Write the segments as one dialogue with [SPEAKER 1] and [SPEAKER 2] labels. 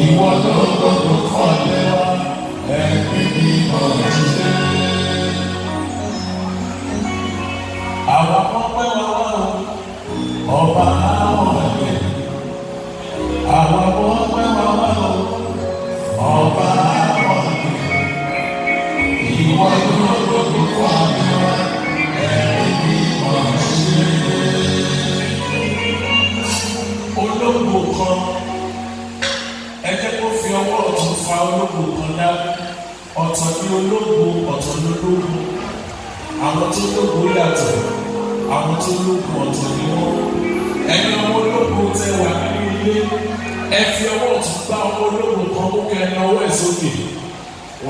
[SPEAKER 1] Ìwọ tó ń na ọwọ́ ẹ̀ sókè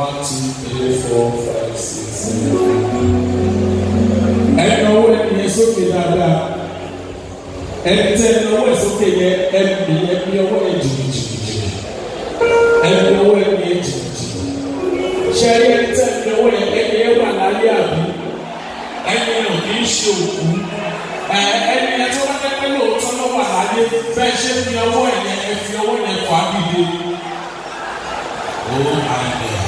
[SPEAKER 1] one two three four five six seven ẹ̀ na ọwọ́ ẹ̀ yẹn sókè dáadáa ẹ̀ tẹ́ ẹ̀ na ọwọ́ ẹ̀ sókè yẹn ẹ̀ mi ẹ̀ mi ọwọ́ ẹ̀ jìbìjìbìjì ẹ̀ mi ọwọ́ ẹ̀ mi ẹ̀ jìbìjìbì ṣe ẹ̀ yẹn tẹ́ ẹ̀ na ọwọ́ ẹ̀ ẹ̀ yẹn wà láyé àbí ẹ̀ yẹn ò kì í ṣe òkú ẹ̀ ẹ̀ yẹn tó wá pẹ́pẹ́ lóòótọ́ lọ́wọ́ àlàyé bẹ́ẹ̀ ṣe fi ọwọ́ ẹ̀ yẹn ẹ̀ fi ọwọ́ yẹn kọ́ àbídé. Oh own ideas.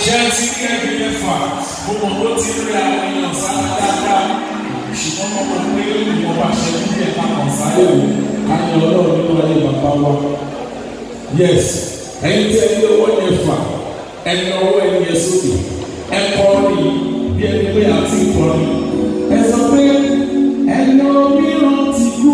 [SPEAKER 1] ṣé ẹ ti rí ẹbí mẹ́fà mo mọ̀ ló ti rí àwọn èèyàn sáré dáadáa ṣùgbọ́n mo mọ̀ pé ìwọ̀n bá ṣe ní ẹ̀ka kan sáré wò káyọ̀ ọlọ́run nínú ayé bàbá wa. yes ẹ̀yin tí ẹ ní owó yẹn fà ẹ̀ ní ọwọ́ ẹ̀yìn yẹn sókè ẹ̀ kọ́ rí bí ẹni pé àti ìkọ́ni ẹ̀ sọ pé ẹ̀ ní omi rántí kú.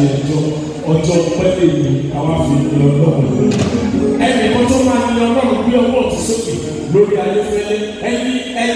[SPEAKER 1] àti ẹjọ́ ọjọ́ pẹlẹ ni àwọn àfihàn Ọlọ́run ẹnì kan tó máa ń lọ Ọlọ́run gbé ọwọ́ ọ̀tún sókè lórí ayé fẹlẹ ẹni ẹni.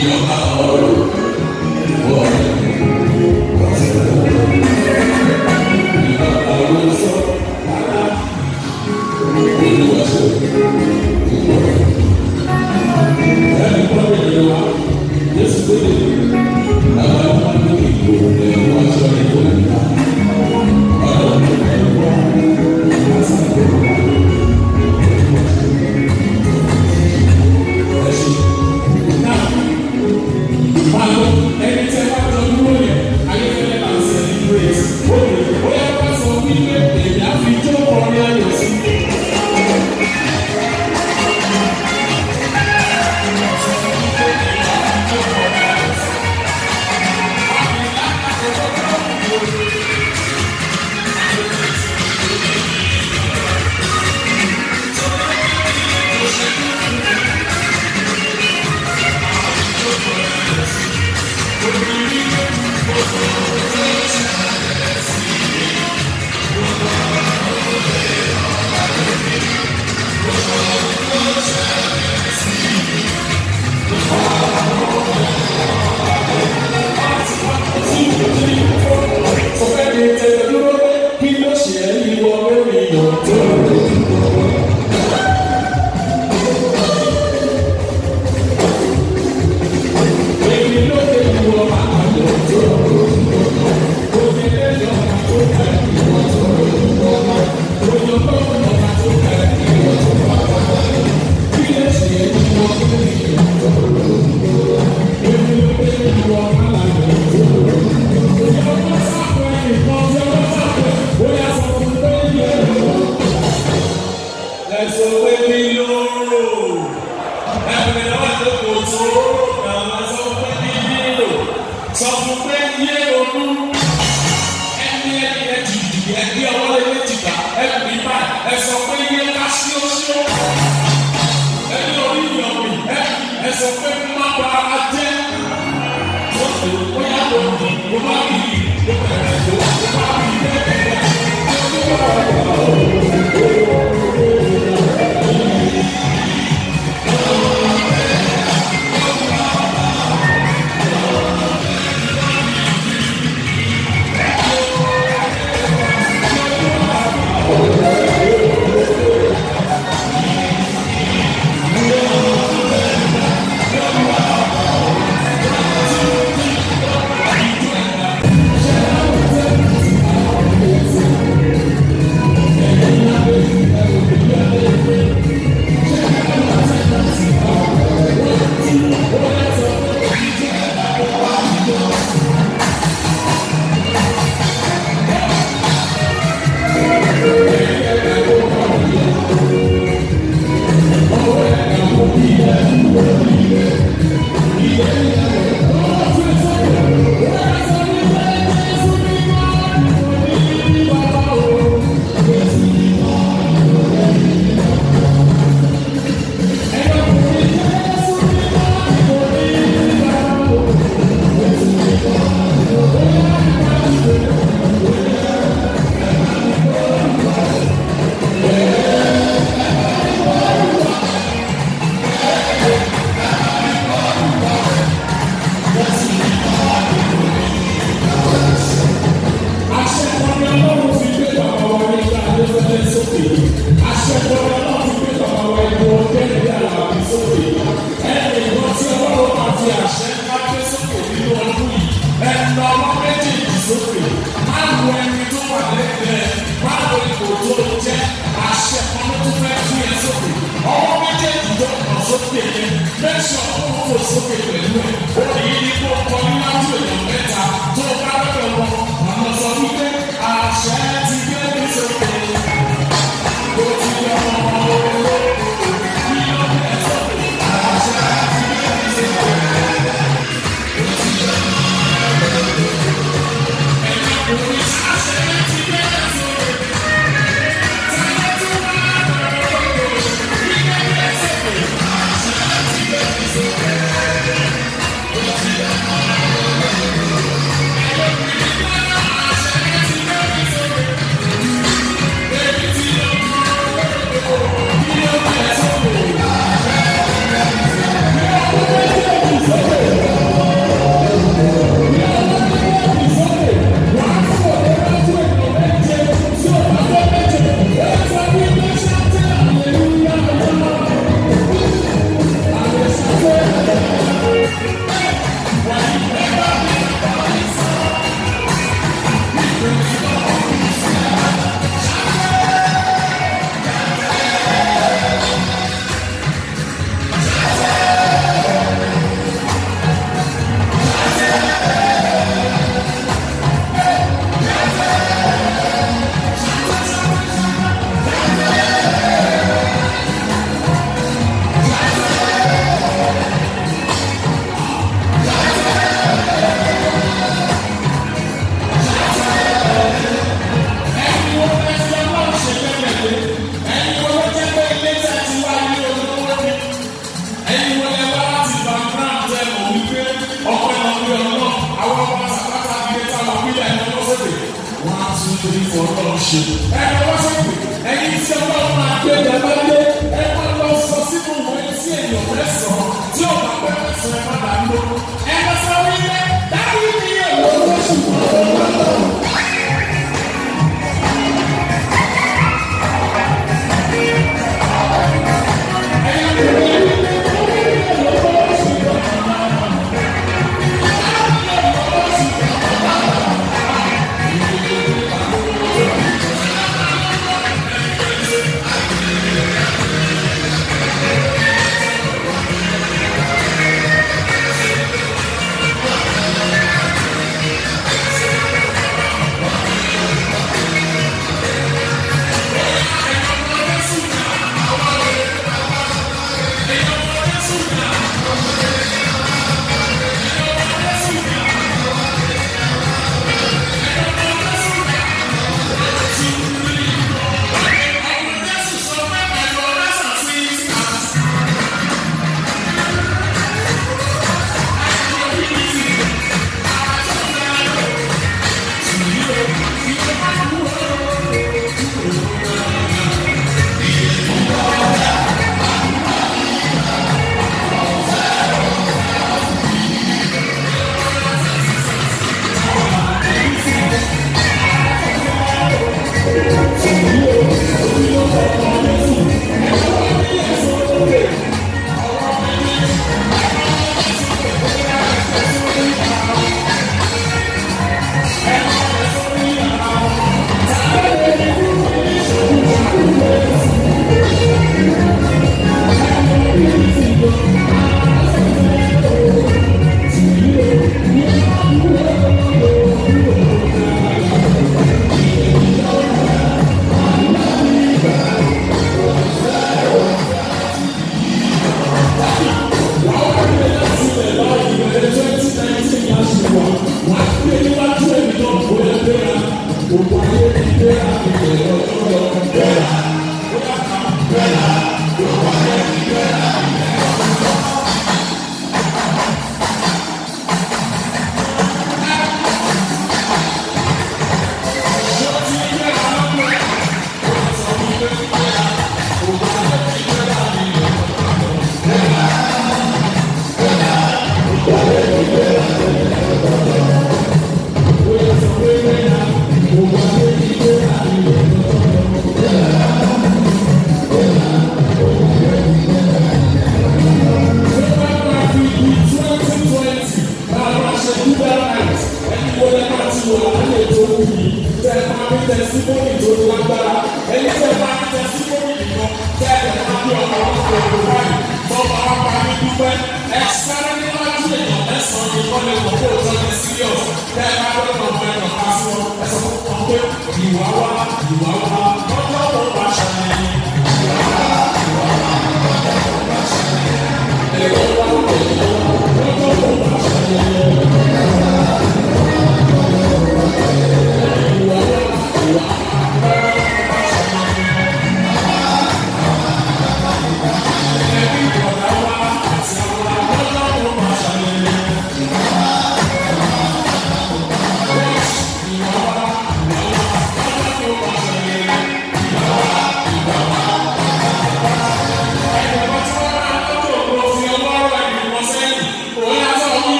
[SPEAKER 1] Senhor.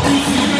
[SPEAKER 1] thank you.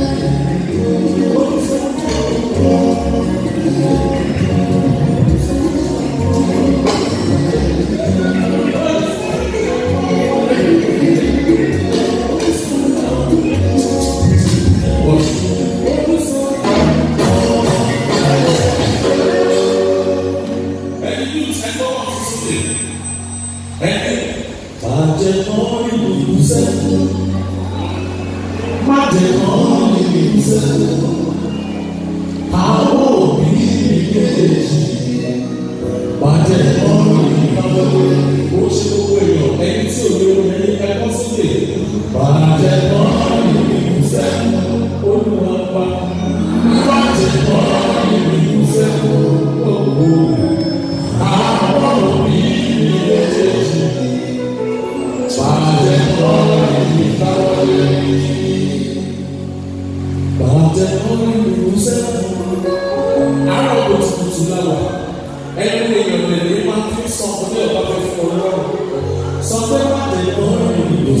[SPEAKER 1] Thank you.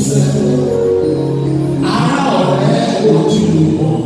[SPEAKER 1] I don't ara ọ̀rẹ́ ojú ìwọ̀n.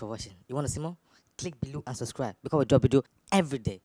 [SPEAKER 1] for watching. You want to see more? Click below and subscribe because we drop video every day.